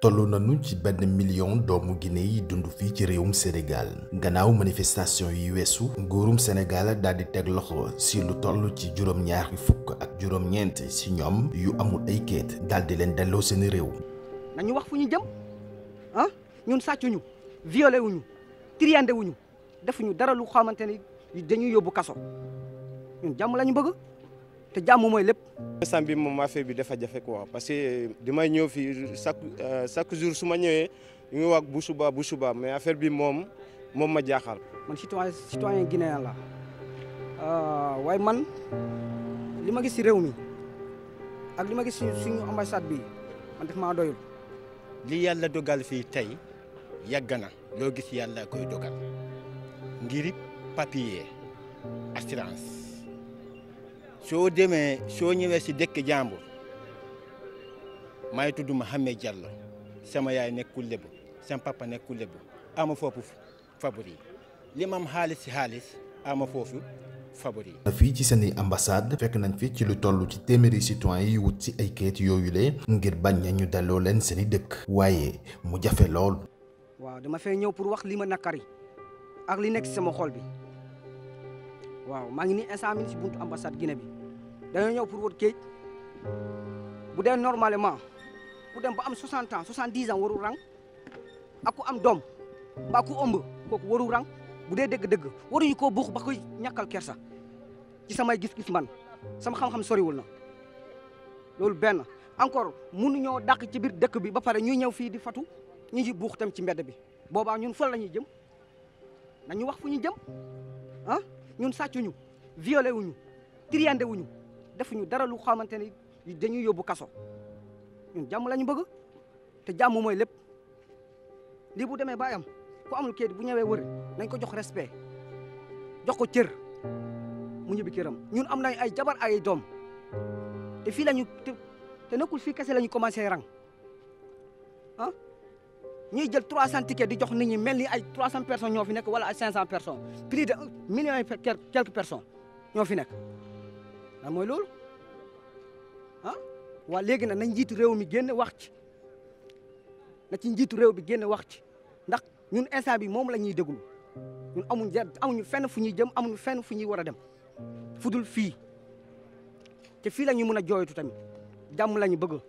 tollu nañu ci benn million doomu Guinée yi dund fii ci réewum Sénégal gannaaw manifestation yi weesu nguurum Sénégal daal di teg loxo si lu toll ci juróom-ñaari fukk ak juróom-ñeent si ñoom yu amul ay kayit daal leen delloo seen réew. nañu wax fu ñu jëm ah ñun sàccuñu violewuñu wuñu defuñu dara lu xamante ni dañuy yóbbu kaso ñun jàmm lañu bëgg. te jàmm mooy lépp. instant bi moom affaire bi dafa jafe quoi parce que may ñëw fii chaque euh, chaque jour su ma ñëwee ñu ngi bu suba bu suba mais affaire bi moom moom ma jaaxal. man citoyen citoyen guinéen la euh, way man li ma gis si mi ak li ma gis suñu ambassade bi man def maa doyul. li yàlla dogal fii tey yàgg na loo gis yàlla koy dogal ngir papier assurance. soo demee soo ñëwee si dëkk jàmbur maa ngi tudd Mouhamed Diallo sama yaay nekkul Lebu sama papa nekkul Lebu ama foofu favori li ma am xaalis ci xaalis ama foofu favori. fii ci seen i ambassade fekk nañ fi ci lu toll ci téeméeri citoyen yi wut si ay kayit yooyule ngir bañ ñu delloo leen seen i dëkk. waaye mu jafe lool. waaw dama fee ñëw pour wax li ma nakkari ak li nekk si sama xol bi waaw maa ngi ni instant mi si buntu ambassade Guinée bi. dañoo ñëw pour wër géej bu dee normalement ku dem ba am 60 ans 70 ans waru rang aku am doom mbaa ku ëmb kooku waru rang bu dee dëgg-dëgg waruñu ko buux ba koy ñàkkal kersa ci samay gis-gis man sama xam-xam soriwul na loolu benn encore mun mënuñoo dàq ci biir dëkk bi ba pare ñuy ñëw fii di fatu ñu ngi buux tam ci mbedd bi boobaa ñun fan la ñuy jëm nañu wax fu ñu jëm ah ñun sàccuñu violé wuñu triandé wuñu defuñu dara lu xamante ni dañuy yóbbu kaso ñun jàmm lañu bëgg te jàmm mooy lépp lii bu demee ba am ku amul kayit bu ñëwee wër nañ ko jox respect jox ko cër mu ñibbi këram ñun am nañ ay jabar ay doom te fii lañu te nekkul fii kese lañu commencé rang ah ñuy jël 300 tickets di jox nit ñi mel ni ay 300 personnes ñoo fi nekk wala ay 500 personnes plus de millions quelques person ñoo fi nekk. lan mooy loolu ah waa léegi nag na njiitu réew mi génn wax ci na ci njiitu réew bi génn wax ci ndax ñun instant bi moom lañuy ñuy déglu ñun amuñ ja amuñu fenn fu ñuy jëm amuñu fenn fu ñuy war a dem fudul fii te fii la ñu mën a jooytu tamit jàmm lañu ñu bëgg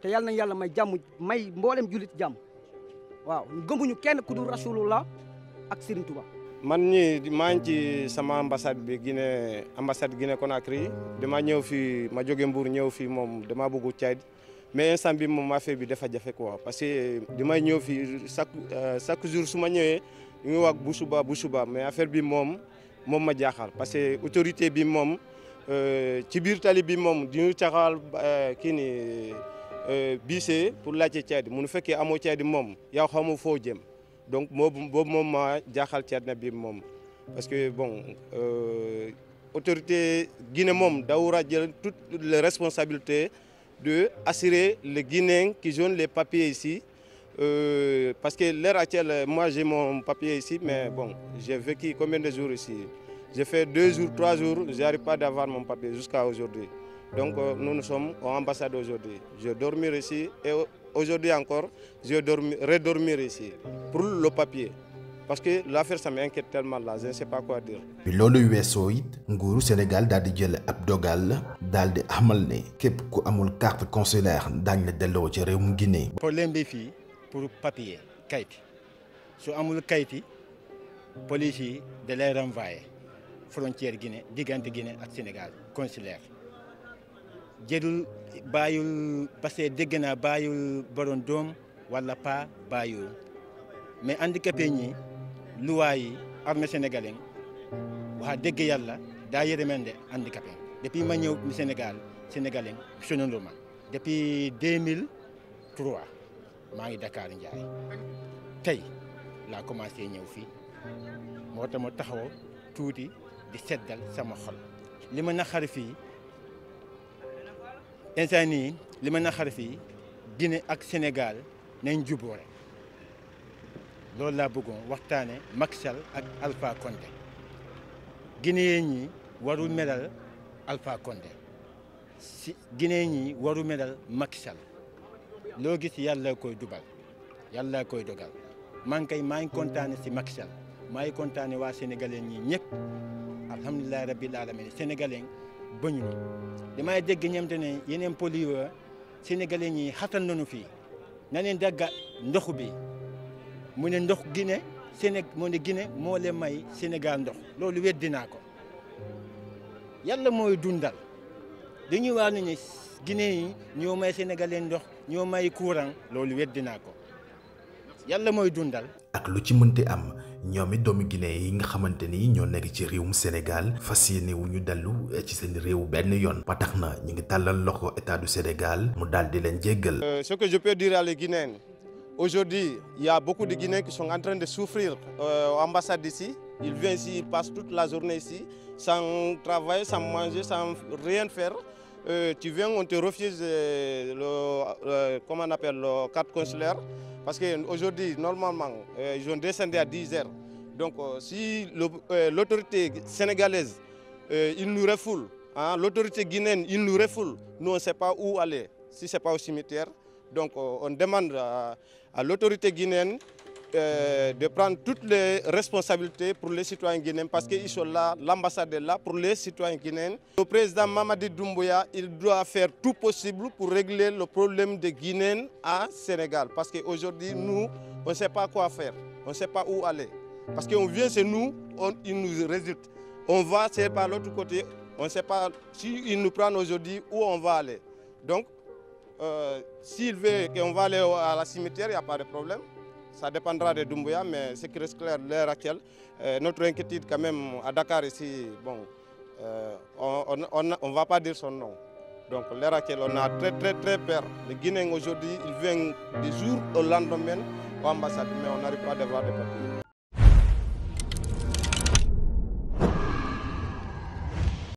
te yàlla nañ yàlla may jàmm may mboolem julit jàmm waaw gëmuñu kenn ku dul rasulullah ak Serigne Touba man ñi maa ngi ci sama ambassade bi Guinée ambassade Guinée Conakry dama ñëw fii ma jóge Mbour ñëw fii moom dama bëgg Tchad mais instant bi moom affaire bi dafa jafe quoi parce que damay ñëw fii chaque euh, chaque jour su ma ñëwee ñu ngi wax bu suba bu suba mais affaire bi moom moom ma jaaxal parce que autorité bi moom euh, ci biir tali bi moom di ñu caxal euh, kii ni biisee pour laajte Tchad mu nu fekkee amoo Tchad moom yow xamoo foo jëm. donc boobu boobu moom maa jaaxal Cerno bi moom parce que bon euh, autorité Guinée moom daa a jël toutes les responsabilités de assurer les Guinéens qui joignent les papiers ici euh, parce que l'heure actuelle moi j'ai mon papier ici mais bon j'ai vécu combien de jours ici j'ai fait deux jours trois jours j'arrive pas d'avoir mon papier jusqu'à aujourd'hui donc euh, nous nous sommes en aujourd'hui je dormir ici Aujourd'hui encore, redormir ici pour le papier. parce que l'affaire ça m'inquiète tellement la je ne sais pas quoi dire. bi loolu weesoo it nguuru Sénégal daal di jël ab dogal daal di amal ne képp ku amul carte consulaire daañu la delloo ci réewum Guinée. problème bi fii pour papier kayit su amul kayit yi police yi da lay frontière Guinée diggante Guinée ak Sénégal consulaire. jëlul bàyyul parce que dégg naa bàyyul borom doom wala pa bàyyul mais handicapé ñi luwaa yi armée sénégalaise wax dëgg yàlla daa yërëmande handicapé depuis ma ñëw Sénégal sénégalais sonalul ma depuis 2003 maa ngi Dakar Ndiaye tey laa commencé ñëw fii moo tax ma taxaw tuuti di seddal sama xol li ma naqari fii instant nii li ma naqari fii Guinée ak Sénégal nañ jubóore loolu laa bëggoon waxtaane Macky Sall ak Alpha Condé Guinéen ñi warul melal Alpha Condé si Guinéen ñi warul melal Macky Sall loo gis yàlla koy dubal yàlla koy dogal maa ngi koy maa ngi kontaane si Macky Sall maa kontaane waa sénégalais ñi ñëpp alhamdulilah rabbil alamin sénégalais bañu ñu damay dégg ñoom te ne yeneen pollueurs sénégalais ñi xatal nañu fii na leen dagga ndox bi mu ne ndox gine Séné mu ne Guinée moo leen may Sénégal ndox loolu weddi naa ko yàlla mooy dundal dañuy wax ne Guinée yi ñoo may sénégalais ndox ñoo may courant loolu weddi naa ko yàlla mooy dundal. ak lu ci mënti am ñoom it doomu Guinée yi nga xamante ni ñoo nekk ci réewum Sénégal fas yéene wu ñu dellu eh, ci seen réew benn yoon ba tax na ñu ngi tàllal loxo état du Sénégal mu daal di leen jéggal. Euh, ce que je peux dire à les Guinéens aujourd'hui il a beaucoup de Guinéens qui sont en train de souffrir euh, aux ambassades d'ici ils viennent ici ils passent toute la journée ici sans travail sans manger sans rien faire. euh, tu viens, on te refuse euh, le, euh, comment on le carte consulaire. Parce qu'aujourd'hui, normalement, euh, ils ont descendu à 10 heures. Donc, euh, si l'autorité sénégalaise, il nous refoule, hein, l'autorité guinéenne, il nous refoule, nous, on sait pas où aller, si ce pas au cimetière. Donc, on demande à l'autorité guinéenne euh, de prendre toutes les responsabilités pour les citoyens guinéens parce qu'ils sont là, l'ambassade est là pour les citoyens guinéens. Le président Mamadi Doumbouya, il doit faire tout possible pour régler le problème des Guinéens à Sénégal parce que nous, on ne pas quoi nous, on, il nous résulte. On va, c'est par l'autre côté, on ne nous prennent aujourd'hui, où on va aller. Donc, euh, s'il veut qu'on va aller à la cimetière, il n'y a pas de problème. ca dépendra de Doumbouya, mais ce qui reste clair l'heure actuelle, euh, notre inquiétude quand même à Dakar ici, bon, euh, on va pas dire son nom. Donc l'heure actuelle, on a très très peur. Le Guinéen aujourd'hui, il vient des jours au lendemain au ambassade, mais on n'arrive pas à avoir des